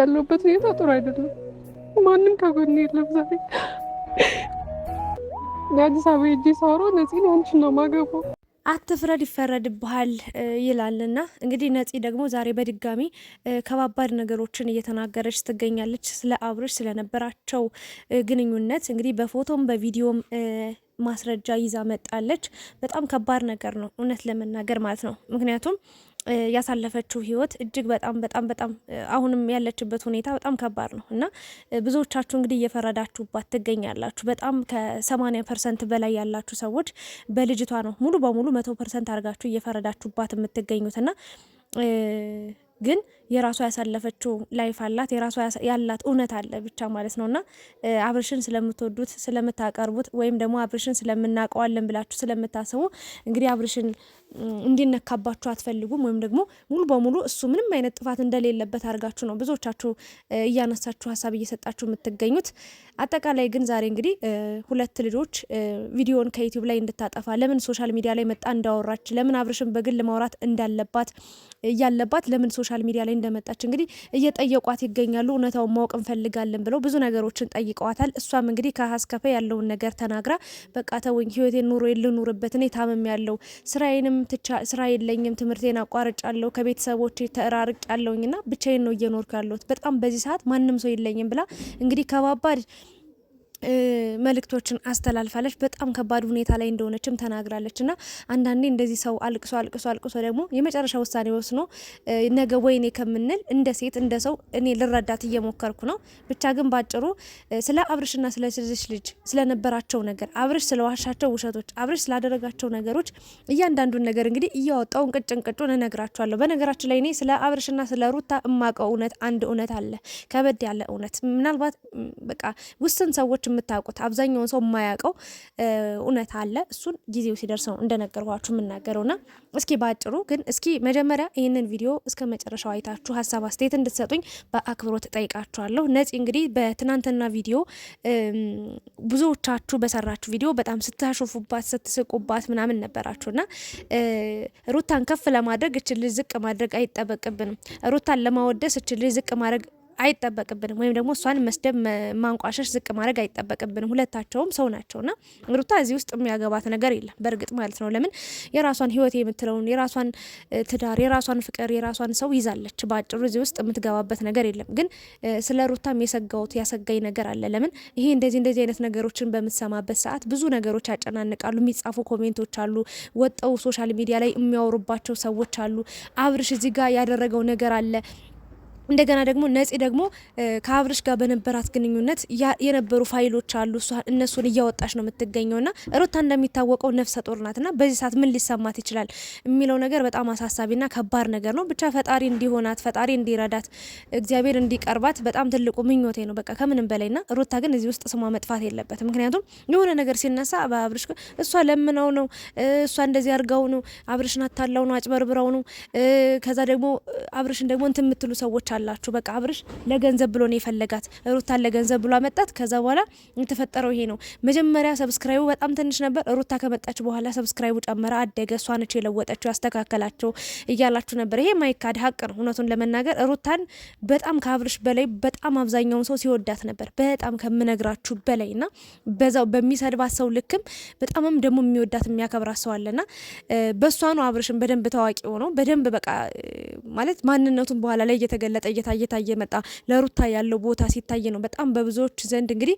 ያለሁበት ሁኔታ ጥሩ አይደለም። ማንም ከጎን የለም። ዛሬ የአዲስ አበባ እጅ ሳወራው ነፂን አንቺን ነው ማገቡ አትፍረድ ይፈረድብሃል ይላልና እንግዲህ ነፂ ደግሞ ዛሬ በድጋሚ ከባባድ ነገሮችን እየተናገረች ትገኛለች። ስለ አብርሽ ስለነበራቸው ግንኙነት እንግዲህ በፎቶም በቪዲዮም ማስረጃ ይዛ መጣለች። በጣም ከባድ ነገር ነው እውነት ለመናገር ማለት ነው ምክንያቱም ያሳለፈችው ህይወት እጅግ በጣም በጣም በጣም አሁንም ያለችበት ሁኔታ በጣም ከባድ ነው እና ብዙዎቻችሁ እንግዲህ እየፈረዳችሁባት ትገኛላችሁ። በጣም ከሰማኒያ ፐርሰንት በላይ ያላችሁ ሰዎች በልጅቷ ነው ሙሉ በሙሉ መቶ ፐርሰንት አድርጋችሁ እየፈረዳችሁባት የምትገኙት እና ግን የራሷ ያሳለፈችው ላይፍ አላት፣ የራሷ ያላት እውነት አለ ብቻ ማለት ነው እና አብርሽን ስለምትወዱት ስለምታቀርቡት፣ ወይም ደግሞ አብርሽን ስለምናውቀዋለን ብላችሁ ስለምታስቡ እንግዲህ አብርሽን እንዲነካባችሁ አትፈልጉም፣ ወይም ደግሞ ሙሉ በሙሉ እሱ ምንም አይነት ጥፋት እንደሌለበት አድርጋችሁ ነው ብዙዎቻችሁ እያነሳችሁ ሀሳብ እየሰጣችሁ የምትገኙት። አጠቃላይ ግን ዛሬ እንግዲህ ሁለት ልጆች ቪዲዮን ከዩቲዩብ ላይ እንድታጠፋ ለምን ሶሻል ሚዲያ ላይ መጣ እንዳወራች ለምን አብርሽን በግል ማውራት እንዳለባት እያለባት ለምን ሶሻል ሚዲያ ላይ እንደመጣች እንግዲህ እየጠየቋት ይገኛሉ። እውነታውን ማወቅ እንፈልጋለን ብለው ብዙ ነገሮችን ጠይቀዋታል። እሷም እንግዲህ ከሀስከፈ ያለውን ነገር ተናግራ በቃ ተወኝ፣ ህይወቴን ኑሮ ልኑርበት፣ እኔ ታመም ያለው ስራዬንም ስራ የለኝም፣ ትምህርቴን አቋርጫለሁ፣ ከቤተሰቦች ተራርቅ ያለውኝና ብቻዬን ነው እየኖርኩ ያለሁት በጣም በዚህ ሰዓት ማንም ሰው የለኝም ብላ እንግዲህ ከባባድ መልእክቶችን አስተላልፋለች። በጣም ከባድ ሁኔታ ላይ እንደሆነችም ተናግራለች። እና አንዳንዴ እንደዚህ ሰው አልቅሶ አልቅሶ አልቅሶ ደግሞ የመጨረሻ ውሳኔ ወስኖ ነገ ወይኔ ከምንል እንደ ሴት እንደ ሰው እኔ ልረዳት እየሞከርኩ ነው። ብቻ ግን ባጭሩ ስለ አብርሽና ስለ ልጅ ልጅ ስለነበራቸው ነገር አብርሽ ስለዋሻቸው ውሸቶች አብርሽ ስላደረጋቸው ነገሮች እያንዳንዱን ነገር እንግዲህ እያወጣውን እንቅጭ እንቅጩን እነግራችኋለሁ። በነገራችን ላይ እኔ ስለ አብርሽና ስለ ሩታ እማቀው እውነት አንድ እውነት አለ፣ ከበድ ያለ እውነት ምናልባት በቃ ውስን ሰዎች ብዙዎቻችሁ የምታውቁት አብዛኛውን ሰው የማያውቀው እውነት አለ። እሱን ጊዜው ሲደርስ ነው እንደነገርኳችሁ የምናገረውና እስኪ ባጭሩ ግን እስኪ መጀመሪያ ይህንን ቪዲዮ እስከ መጨረሻው አይታችሁ ሀሳብ አስተያየት እንድትሰጡኝ በአክብሮት እጠይቃችኋለሁ። ነፂ እንግዲህ በትናንትና ቪዲዮ ብዙዎቻችሁ በሰራችሁ ቪዲዮ በጣም ስታሾፉባት ስትስቁባት ምናምን ነበራችሁና ሩታን ከፍ ለማድረግ እችል ዝቅ ማድረግ አይጠበቅብንም። ሩታን ለማወደስ እችል ዝቅ ማድረግ አይጠበቅብንም ወይም ደግሞ እሷን መስደብ፣ ማንቋሸሽ፣ ዝቅ ማድረግ አይጠበቅብንም። ሁለታቸውም ሰው ናቸውና ሩታ እዚህ ውስጥ የሚያገባት ነገር የለም በእርግጥ ማለት ነው። ለምን የራሷን ህይወት የምትለውን የራሷን ትዳር፣ የራሷን ፍቅር፣ የራሷን ሰው ይዛለች። በአጭሩ እዚህ ውስጥ የምትገባበት ነገር የለም። ግን ስለ ሩታም የሰጋውት ያሰጋኝ ነገር አለ። ለምን ይሄ እንደዚህ እንደዚህ አይነት ነገሮችን በምትሰማበት ሰዓት ብዙ ነገሮች ያጨናንቃሉ። የሚጻፉ ኮሜንቶች አሉ፣ ወጠው ሶሻል ሚዲያ ላይ የሚያወሩባቸው ሰዎች አሉ። አብርሽ እዚህ ጋር ያደረገው ነገር አለ እንደገና ደግሞ ነጽ ደግሞ ከአብርሽ ጋር በነበራት ግንኙነት የነበሩ ፋይሎች አሉ። እነሱን እያወጣች ነው የምትገኘው ና ሩታ እንደሚታወቀው ነፍሰ ጡር ናት ና በዚህ ሰዓት ምን ሊሰማት ይችላል የሚለው ነገር በጣም አሳሳቢ ና ከባድ ነገር ነው። ብቻ ፈጣሪ እንዲሆናት፣ ፈጣሪ እንዲረዳት፣ እግዚአብሔር እንዲቀርባት በጣም ትልቁ ምኞቴ ነው። በቃ ከምንም በላይ ና ሩታ ግን እዚህ ውስጥ ስሟ መጥፋት የለበት። ምክንያቱም የሆነ ነገር ሲነሳ በአብርሽ እሷ ለምነው ነው እሷ እንደዚህ አርጋው ነው አብርሽን አታላው ነው አጭበርብረው ነው ከዛ ደግሞ አብርሽን ደግሞ እንትን የምትሉ ሰዎች ታዩታላችሁ። በቃ አብርሽ ለገንዘብ ብሎ ነው የፈለጋት፣ ሩታን ለገንዘብ ብሎ አመጣት። ከዛ በኋላ የተፈጠረው ይሄ ነው። መጀመሪያ ሰብስክራይቡ በጣም ትንሽ ነበር። ሩታ ከመጣች በኋላ ሰብስክራይቡ ጨመረ፣ አደገ። እሷ ነች የለወጠችው፣ ያስተካከላቸው እያላችሁ ነበር። ይሄ ማይካድ ሀቅ ነው። እውነቱን ለመናገር ሩታን በጣም ከአብርሽ በላይ በጣም አብዛኛውን ሰው ሲወዳት ነበር፣ በጣም ከምነግራችሁ በላይ እና በዛው በሚሰድባት ሰው ልክም በጣምም ደግሞ የሚወዳት የሚያከብራት ሰው አለና በእሷ ነው አብርሽን በደንብ ታዋቂ ሆነው በደንብ በቃ ማለት ማንነቱን በኋላ ላይ እየተገለጠ እየታየ እየታየ መጣ። ለሩታ ያለው ቦታ ሲታይ ነው በጣም በብዙዎች ዘንድ እንግዲህ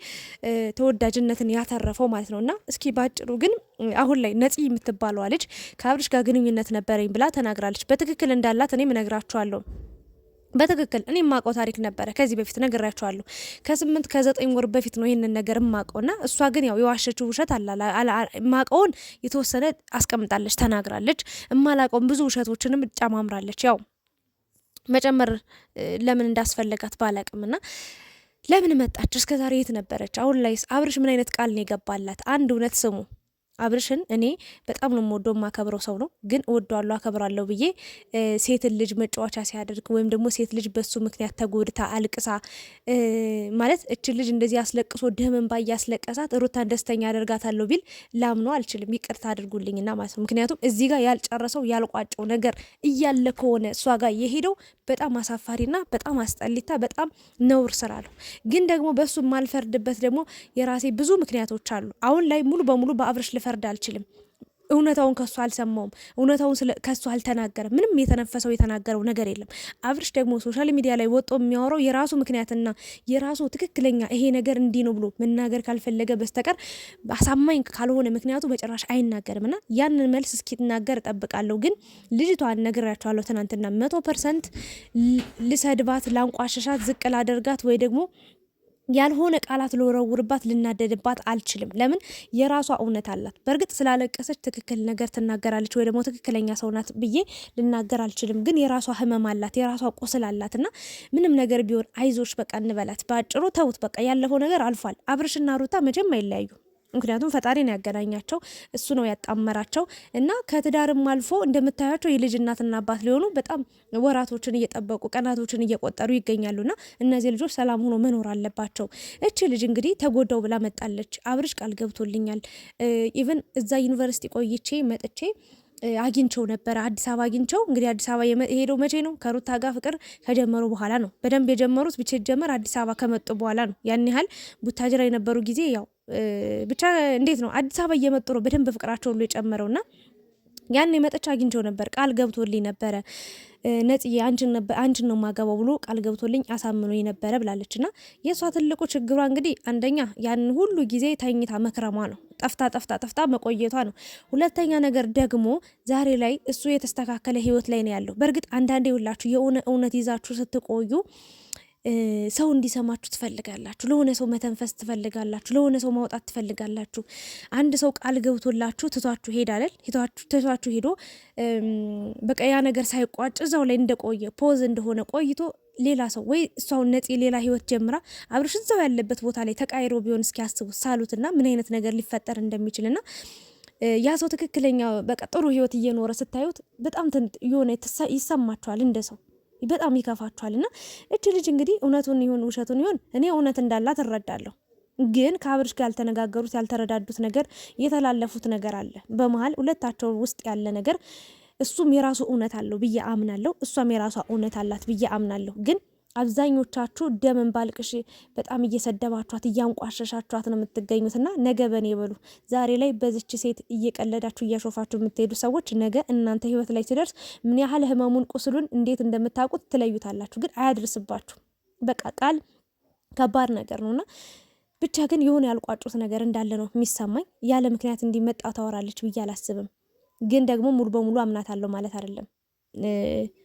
ተወዳጅነትን ያተረፈው ማለት ነው። እና እስኪ ባጭሩ ግን አሁን ላይ ነፂ የምትባለዋ ልጅ ከአብርሽ ጋር ግንኙነት ነበረኝ ብላ ተናግራለች። በትክክል እንዳላት እኔም እነግራችኋለሁ። በትክክል እኔ የማውቀው ታሪክ ነበረ። ከዚህ በፊት ነግራችኋለሁ። ከስምንት ከዘጠኝ ወር በፊት ነው ይህንን ነገር እና እሷ ግን ያው የዋሸችው ውሸት ማቀውን የተወሰነ አስቀምጣለች፣ ተናግራለች። የማላውቀውን ብዙ ውሸቶችንም ጨማምራለች ያው መጨመር ለምን እንዳስፈለጋት ባላቅም ና ለምን መጣች? እስከዛሬ የት ነበረች? አሁን ላይ አብርሽ ምን አይነት ቃል ነው የገባላት? አንድ እውነት ስሙ አብርሽን እኔ በጣም ነው የምወደው የማከብረው ሰው ነው። ግን እወደዋለሁ አከብራለሁ ብዬ ሴትን ልጅ መጫወቻ ሲያደርግ ወይም ደግሞ ሴት ልጅ በሱ ምክንያት ተጎድታ አልቅሳ ማለት እች ልጅ እንደዚህ አስለቅሶ ደምን እንባ እያስለቀሳት ሩታን ደስተኛ አደርጋታለሁ ቢል ላምኖ አልችልም። ይቅርታ አድርጉልኝና ማለት ነው። ምክንያቱም እዚህ ጋር ያልጨረሰው ያልቋጨው ነገር እያለ ከሆነ እሷ ጋር የሄደው በጣም አሳፋሪና በጣም አስጠሊታ በጣም ነውር ስራ ነው። ግን ደግሞ በሱ የማልፈርድበት ደግሞ የራሴ ብዙ ምክንያቶች አሉ። አሁን ላይ ሙሉ በሙሉ በአብርሽ ልፈ ልፈርድ አልችልም። እውነታውን ከሱ አልሰማውም። እውነታውን ከሱ አልተናገረም። ምንም የተነፈሰው የተናገረው ነገር የለም። አብርሽ ደግሞ ሶሻል ሚዲያ ላይ ወጦ የሚያወራው የራሱ ምክንያትና የራሱ ትክክለኛ ይሄ ነገር እንዲህ ነው ብሎ መናገር ካልፈለገ በስተቀር አሳማኝ ካልሆነ ምክንያቱ በጭራሽ አይናገርም እና ያንን መልስ እስኪናገር እጠብቃለሁ። ግን ልጅቷን ነግራቸዋለሁ ትናንትና መቶ ፐርሰንት ልሰድባት፣ ላንቋሸሻት፣ ዝቅ ላደርጋት ወይ ደግሞ ያልሆነ ቃላት ልወረውርባት፣ ልናደድባት አልችልም። ለምን የራሷ እውነት አላት። በእርግጥ ስላለቀሰች ትክክል ነገር ትናገራለች ወይ ደግሞ ትክክለኛ ሰው ናት ብዬ ልናገር አልችልም። ግን የራሷ ህመም አላት፣ የራሷ ቁስል አላት እና ምንም ነገር ቢሆን አይዞች በቃ እንበላት። በአጭሩ ተውት በቃ ያለፈው ነገር አልፏል። አብርሽና ሩታ መቼም አይለያዩ ምክንያቱም ፈጣሪ ነው ያገናኛቸው፣ እሱ ነው ያጣመራቸው እና ከትዳርም አልፎ እንደምታያቸው የልጅ እናትና አባት ሊሆኑ በጣም ወራቶችን እየጠበቁ ቀናቶችን እየቆጠሩ ይገኛሉና እነዚህ ልጆች ሰላም ሆኖ መኖር አለባቸው። እቺ ልጅ እንግዲህ ተጎዳው ብላ መጣለች። አብርሽ ቃል ገብቶልኛል ኢቨን እዛ ዩኒቨርሲቲ ቆይቼ መጥቼ አግኝቸው ነበረ። አዲስ አበባ አግኝቸው እንግዲህ አዲስ አበባ የሄደው መቼ ነው? ከሩታ ጋር ፍቅር ከጀመሩ በኋላ ነው። በደንብ የጀመሩት ብቻ ጀመር አዲስ አበባ ከመጡ በኋላ ነው። ያን ያህል ቡታጅራ የነበሩ ጊዜ ያው ብቻ እንዴት ነው አዲስ አበባ እየመጡ ነው በደንብ ፍቅራቸው ሁሉ የጨመረውና ያን መጥቻ አግኝቼው ነበር። ቃል ገብቶልኝ ነበረ ነጽዬ አንቺን ነው ማገባው ብሎ ቃል ገብቶልኝ አሳምኖ ነበረ ብላለች። እና የእሷ ትልቁ ችግሯ እንግዲህ አንደኛ ያን ሁሉ ጊዜ ተኝታ መክረሟ ነው፣ ጠፍታ ጠፍታ ጠፍታ መቆየቷ ነው። ሁለተኛ ነገር ደግሞ ዛሬ ላይ እሱ የተስተካከለ ህይወት ላይ ነው ያለው። በእርግጥ አንዳንዴ ሁላችሁ የሆነ እውነት ይዛችሁ ስትቆዩ ሰው እንዲሰማችሁ ትፈልጋላችሁ። ለሆነ ሰው መተንፈስ ትፈልጋላችሁ። ለሆነ ሰው ማውጣት ትፈልጋላችሁ። አንድ ሰው ቃል ገብቶላችሁ ትቷችሁ ሄዳለል ትቷችሁ ሄዶ በቃ ያ ነገር ሳይቋጭ እዛው ላይ እንደቆየ ፖዝ እንደሆነ ቆይቶ ሌላ ሰው ወይ እሷውን ነፂ ሌላ ህይወት ጀምራ አብርሽ እዛው ያለበት ቦታ ላይ ተቃይሮ ቢሆን እስኪ ሳሉትና ምን አይነት ነገር ሊፈጠር እንደሚችልና ያ ሰው ትክክለኛ በቃ ጥሩ ህይወት እየኖረ ስታዩት በጣም የሆነ ይሰማችኋል እንደ ሰው በጣም ይከፋችኋል። እና እች ልጅ እንግዲህ እውነቱን ይሁን ውሸቱን ይሁን እኔ እውነት እንዳላት እረዳለሁ። ግን ከአብርሽ ጋር ያልተነጋገሩት ያልተረዳዱት ነገር የተላለፉት ነገር አለ። በመሀል ሁለታቸው ውስጥ ያለ ነገር እሱም የራሱ እውነት አለው ብዬ አምናለሁ። እሷም የራሷ እውነት አላት ብዬ አምናለሁ ግን አብዛኞቻችሁ ደምን ባልቅሽ በጣም እየሰደባችኋት እያንቋሸሻችኋት ነው ና ነገ በኔ በሉ ዛሬ ላይ በዚች ሴት እየቀለዳችሁ እያሾፋችሁ የምትሄዱ ሰዎች ነገ እናንተ ህይወት ላይ ሲደርስ ምን ያህል ህመሙን ቁስሉን እንዴት እንደምታውቁት ትለዩታላችሁ። ግን አያድርስባችሁ። በቃ ቃል ከባድ ነገር ና ብቻ ግን የሆነ ያልቋጩት ነገር እንዳለ ነው የሚሰማኝ። ያለ ምክንያት እንዲመጣ ታወራለች ብዬ አላስብም። ግን ደግሞ ሙሉ በሙሉ አምናት አለው ማለት አይደለም።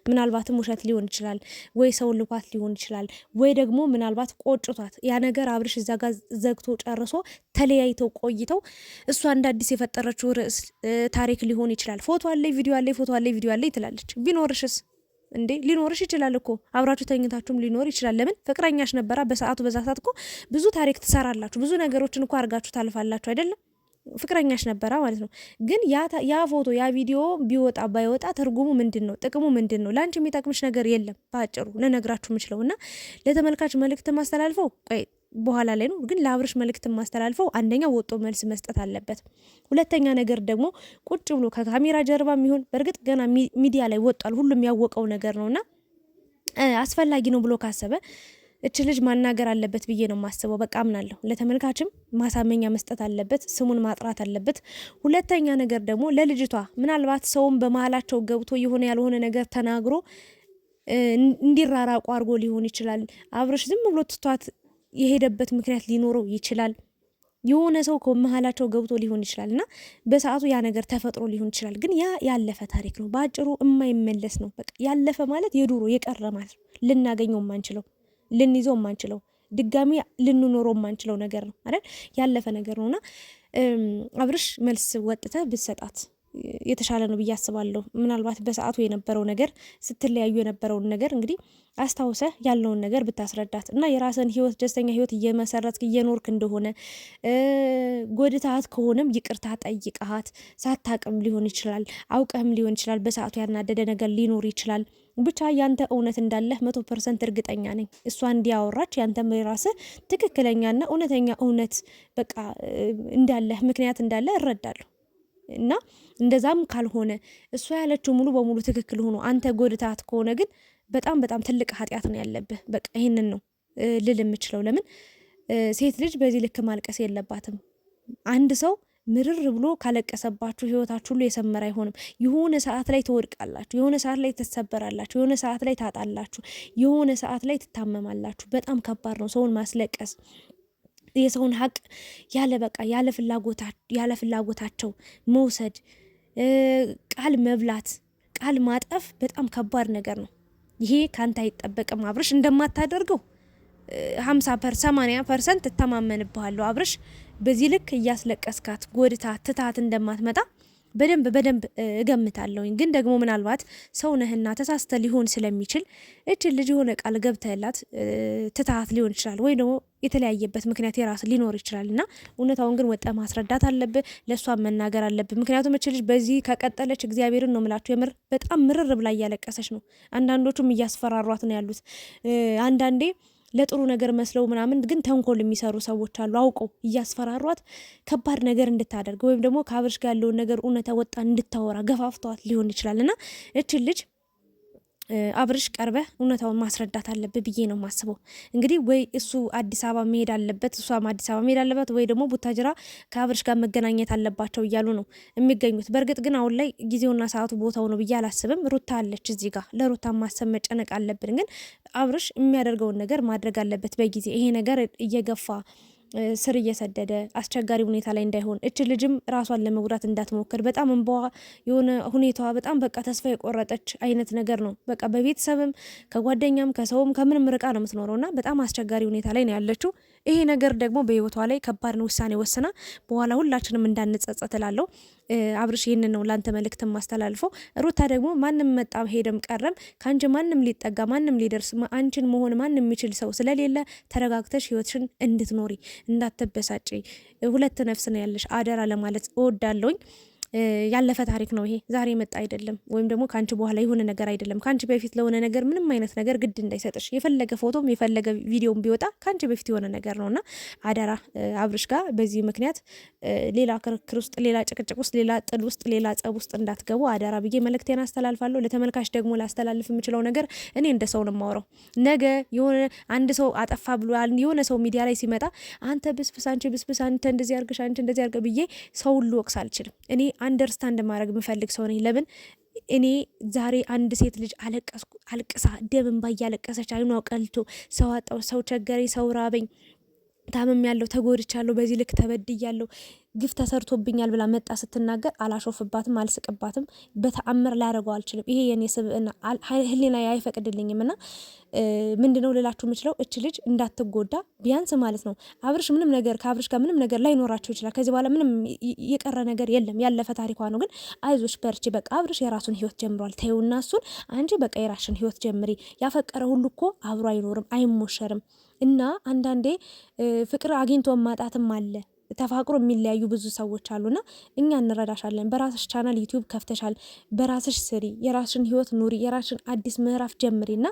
ምናልባትም ውሸት ሊሆን ይችላል ወይ ሰው ልኳት ሊሆን ይችላል ወይ ደግሞ ምናልባት ቆጭቷት ያ ነገር አብርሽ እዛ ጋ ዘግቶ ጨርሶ ተለያይተው ቆይተው እሷ እንደ አዲስ የፈጠረችው ርዕስ ታሪክ ሊሆን ይችላል። ፎቶ አለ፣ ቪዲዮ አለ፣ ፎቶ አለ፣ ቪዲዮ አለ ትላለች። ቢኖርሽስ እንዴ ሊኖርሽ ይችላል እኮ አብራችሁ ተኝታችሁም ሊኖር ይችላል። ለምን ፍቅረኛሽ ነበራ በሰዓቱ በዛ ሰዓት እኮ ብዙ ታሪክ ትሰራላችሁ፣ ብዙ ነገሮችን እኮ አርጋችሁ ታልፋላችሁ አይደለም ፍቅረኛሽ ነበራ ማለት ነው። ግን ያ ፎቶ ያ ቪዲዮ ቢወጣ ባይወጣ ትርጉሙ ምንድን ነው? ጥቅሙ ምንድን ነው? ለአንቺ የሚጠቅምሽ ነገር የለም። በአጭሩ ልነግራችሁ የምችለው እና ለተመልካች መልእክት ማስተላልፈው ቆይ በኋላ ላይ ነው። ግን ለአብርሽ መልእክት ማስተላልፈው አንደኛ ወጦ መልስ መስጠት አለበት። ሁለተኛ ነገር ደግሞ ቁጭ ብሎ ከካሜራ ጀርባ የሚሆን በእርግጥ ገና ሚዲያ ላይ ወጧል፣ ሁሉም ያወቀው ነገር ነውና አስፈላጊ ነው ብሎ ካሰበ እች ልጅ ማናገር አለበት ብዬ ነው የማስበው። በቃ አምናለሁ። ለተመልካችም ማሳመኛ መስጠት አለበት፣ ስሙን ማጥራት አለበት። ሁለተኛ ነገር ደግሞ ለልጅቷ ምናልባት ሰውም በመሀላቸው ገብቶ የሆነ ያልሆነ ነገር ተናግሮ እንዲራራቁ አድርጎ ሊሆን ይችላል። አብረሽ ዝም ብሎ ትቷት የሄደበት ምክንያት ሊኖረው ይችላል። የሆነ ሰው ከመሀላቸው ገብቶ ሊሆን ይችላል እና በሰዓቱ ያ ነገር ተፈጥሮ ሊሆን ይችላል። ግን ያ ያለፈ ታሪክ ነው። በአጭሩ የማይመለስ ነው። በቃ ያለፈ ማለት የዱሮ የቀረ ማለት ነው። ልናገኘው የማንችለው ልንይዘው የማንችለው ድጋሚ ልንኖረው የማንችለው ነገር ነው አይደል? ያለፈ ነገር ነውና አብርሽ መልስ ወጥተ ብትሰጣት የተሻለ ነው ብዬ አስባለሁ። ምናልባት በሰዓቱ የነበረው ነገር ስትለያዩ የነበረውን ነገር እንግዲህ አስታውሰ ያለውን ነገር ብታስረዳት እና የራስን ህይወት ደስተኛ ህይወት እየመሰረትክ እየኖርክ እንደሆነ ጎድታት ከሆነም ይቅርታ ጠይቀሃት። ሳታቅም ሊሆን ይችላል፣ አውቀህም ሊሆን ይችላል። በሰዓቱ ያናደደ ነገር ሊኖር ይችላል። ብቻ ያንተ እውነት እንዳለህ መቶ ፐርሰንት እርግጠኛ ነኝ። እሷ እንዲያወራች ያንተ የራስህ ትክክለኛና እውነተኛ እውነት በቃ እንዳለህ ምክንያት እንዳለ እረዳለሁ። እና እንደዛም ካልሆነ እሷ ያለችው ሙሉ በሙሉ ትክክል ሆኖ አንተ ጎድታት ከሆነ ግን በጣም በጣም ትልቅ ኃጢአት ነው ያለብህ። በቃ ይህንን ነው ልል የምችለው። ለምን ሴት ልጅ በዚህ ልክ ማልቀስ የለባትም። አንድ ሰው ምርር ብሎ ካለቀሰባችሁ ህይወታችሁ ሁሉ የሰመረ አይሆንም። የሆነ ሰዓት ላይ ትወድቃላችሁ፣ የሆነ ሰዓት ላይ ትሰበራላችሁ፣ የሆነ ሰዓት ላይ ታጣላችሁ፣ የሆነ ሰዓት ላይ ትታመማላችሁ። በጣም ከባድ ነው ሰውን ማስለቀስ። የሰውን ሀቅ ያለ በቃ ያለ ፍላጎታቸው መውሰድ፣ ቃል መብላት፣ ቃል ማጠፍ በጣም ከባድ ነገር ነው። ይሄ ካንተ አይጠበቅም አብርሽ። እንደማታደርገው ሀምሳ ሰማኒያ ፐርሰንት እተማመንብሃለሁ አብርሽ። በዚህ ልክ እያስለቀስካት ጎድታ ትታት እንደማትመጣ በደንብ በደንብ እገምታለሁኝ። ግን ደግሞ ምናልባት ሰው ነህና ተሳስተ ሊሆን ስለሚችል እች ልጅ የሆነ ቃል ገብተህላት ትታት ሊሆን ይችላል ወይ ደግሞ የተለያየበት ምክንያት የራስ ሊኖር ይችላል እና እውነታውን ግን ወጠ ማስረዳት አለብህ፣ ለእሷ መናገር አለብህ። ምክንያቱም እች ልጅ በዚህ ከቀጠለች እግዚአብሔርን ነው ምላችሁ፣ የምር በጣም ምርር ብላ እያለቀሰች ነው። አንዳንዶቹም እያስፈራሯት ነው ያሉት አንዳንዴ ለጥሩ ነገር መስለው ምናምን ግን ተንኮል የሚሰሩ ሰዎች አሉ። አውቀው እያስፈራሯት ከባድ ነገር እንድታደርግ ወይም ደግሞ ከአብርሽ ጋር ያለውን ነገር እውነት ወጣ እንድታወራ ገፋፍተዋት ሊሆን ይችላል እና እችን ልጅ አብርሽ ቀርበህ እውነታውን ማስረዳት አለብህ ብዬ ነው የማስበው። እንግዲህ ወይ እሱ አዲስ አበባ መሄድ አለበት፣ እሷም አዲስ አበባ መሄድ አለበት፣ ወይ ደግሞ ቡታጅራ ከአብርሽ ጋር መገናኘት አለባቸው እያሉ ነው የሚገኙት። በእርግጥ ግን አሁን ላይ ጊዜውና ሰዓቱ ቦታው ነው ብዬ አላስብም። ሩታ አለች እዚህ ጋር፣ ለሩታ ማሰብ መጨነቅ አለብን። ግን አብርሽ የሚያደርገውን ነገር ማድረግ አለበት በጊዜ ይሄ ነገር እየገፋ ስር እየሰደደ አስቸጋሪ ሁኔታ ላይ እንዳይሆን እች ልጅም ራሷን ለመጉዳት እንዳትሞክር በጣም እንበዋ የሆነ ሁኔታዋ በጣም በቃ ተስፋ የቆረጠች አይነት ነገር ነው። በቃ በቤተሰብም ከጓደኛም ከሰውም ከምንም ርቃ ነው የምትኖረው እና በጣም አስቸጋሪ ሁኔታ ላይ ነው ያለችው። ይሄ ነገር ደግሞ በህይወቷ ላይ ከባድ ነው ውሳኔ ወስና በኋላ ሁላችንም እንዳንጸጸት እላለሁ። አብርሽ ይህንን ነው ላንተ መልእክት ማስተላልፈው። ሩታ ደግሞ ማንም መጣ ሄደም ቀረም ከአንቺ ማንም ሊጠጋ ማንም ሊደርስ አንቺን መሆን ማንም የሚችል ሰው ስለሌለ ተረጋግተሽ ህይወትሽን እንድትኖሪ እንዳትበሳጭ፣ ሁለት ነፍስ ነው ያለሽ አደራ ለማለት እወዳለሁኝ። ያለፈ ታሪክ ነው ይሄ ዛሬ መጣ አይደለም፣ ወይም ደግሞ ከአንቺ በኋላ የሆነ ነገር አይደለም። ከአንቺ በፊት ለሆነ ነገር ምንም አይነት ነገር ግድ እንዳይሰጥሽ፣ የፈለገ ፎቶም የፈለገ ቪዲዮም ቢወጣ ከአንቺ በፊት የሆነ ነገር ነው እና አደራ አብርሽ ጋር በዚህ ምክንያት ሌላ ክርክር ውስጥ፣ ሌላ ጭቅጭቅ ውስጥ፣ ሌላ ጥል ውስጥ፣ ሌላ ጸብ ውስጥ እንዳትገቡ አደራ ብዬ መልእክቴን አስተላልፋለሁ። ለተመልካች ደግሞ ላስተላልፍ የምችለው ነገር እኔ እንደ ሰው ነው የማወራው። ነገ የሆነ አንድ ሰው አጠፋ ብሎ የሆነ ሰው ሚዲያ ላይ ሲመጣ አንተ ብስብስ፣ አንቺ ብስብስ፣ አንተ እንደዚህ አርግሽ፣ አንቺ እንደዚህ አርገ ብዬ ሰው ልወቅስ አልችልም እኔ አንደርስታንድ ማድረግ የምፈልግ ሰው ነኝ። ለምን እኔ ዛሬ አንድ ሴት ልጅ አልቅሳ ደም እንባ እያለቀሰች አይኗ ቀልቶ ሰው አጣው፣ ሰው ቸገረኝ፣ ሰው ራበኝ፣ ታምም ያለው ተጎድቻለሁ፣ በዚህ ልክ ተበድያለሁ ግፍ ተሰርቶብኛል ብላ መጣ ስትናገር አላሾፍባትም፣ አልስቅባትም። በተአምር ላያደርገው አልችልም። ይሄ የኔ ስብዕና ህሊና አይፈቅድልኝም። እና ምንድነው ልላችሁ የምችለው እች ልጅ እንዳትጎዳ ቢያንስ ማለት ነው አብርሽ ምንም ነገር ከአብርሽ ጋር ምንም ነገር ላይኖራቸው ይችላል። ከዚህ በኋላ ምንም የቀረ ነገር የለም፣ ያለፈ ታሪኳ ነው። ግን አይዞች በርቺ፣ በቃ አብርሽ የራሱን ህይወት ጀምሯል። ተይውና እሱን አንቺ በቃ የራሽን ህይወት ጀምሪ። ያፈቀረ ሁሉ እኮ አብሮ አይኖርም፣ አይሞሸርም። እና አንዳንዴ ፍቅር አግኝቶ ማጣትም አለ ተፋቅሮ የሚለያዩ ብዙ ሰዎች አሉና እኛ እንረዳሻለን። በራስሽ ቻናል ዩቲዩብ ከፍተሻል፣ በራስሽ ስሪ፣ የራስሽን ህይወት ኑሪ፣ የራስሽን አዲስ ምዕራፍ ጀምሪና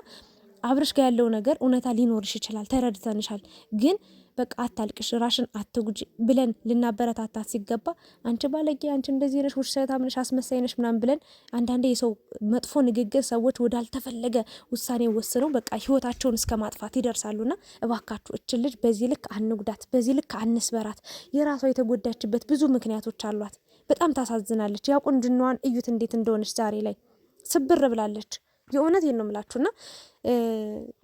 አብረሽ ጋር ያለው ነገር እውነታ ሊኖርሽ ይችላል፣ ተረድተንሻል። ግን በቃ አታልቅሽ፣ ራሽን አትጉጂ ብለን ልናበረታታት ሲገባ አንቺ ባለጌ፣ አንቺ እንደዚህ ነሽ፣ ውሸታም ነሽ፣ አስመሳይ ነሽ ምናምን ብለን አንዳንዴ የሰው መጥፎ ንግግር ሰዎች ወዳልተፈለገ ውሳኔ ወስነው በቃ ህይወታቸውን እስከ ማጥፋት ይደርሳሉና እባካችሁ እች ልጅ በዚህ ልክ አንጉዳት፣ በዚህ ልክ አንስበራት። የራሷ የተጎዳችበት ብዙ ምክንያቶች አሏት። በጣም ታሳዝናለች። ያው ቁንጅናዋን እዩት እንዴት እንደሆነች ዛሬ ላይ ስብር ብላለች። የእውነት ነው ምላችሁና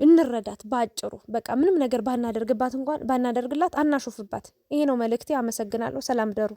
እንረዳት። በአጭሩ በቃ ምንም ነገር ባናደርግባት እንኳን ባናደርግላት አናሾፍባት። ይሄ ነው መልእክቴ። አመሰግናለሁ። ሰላም ደሩ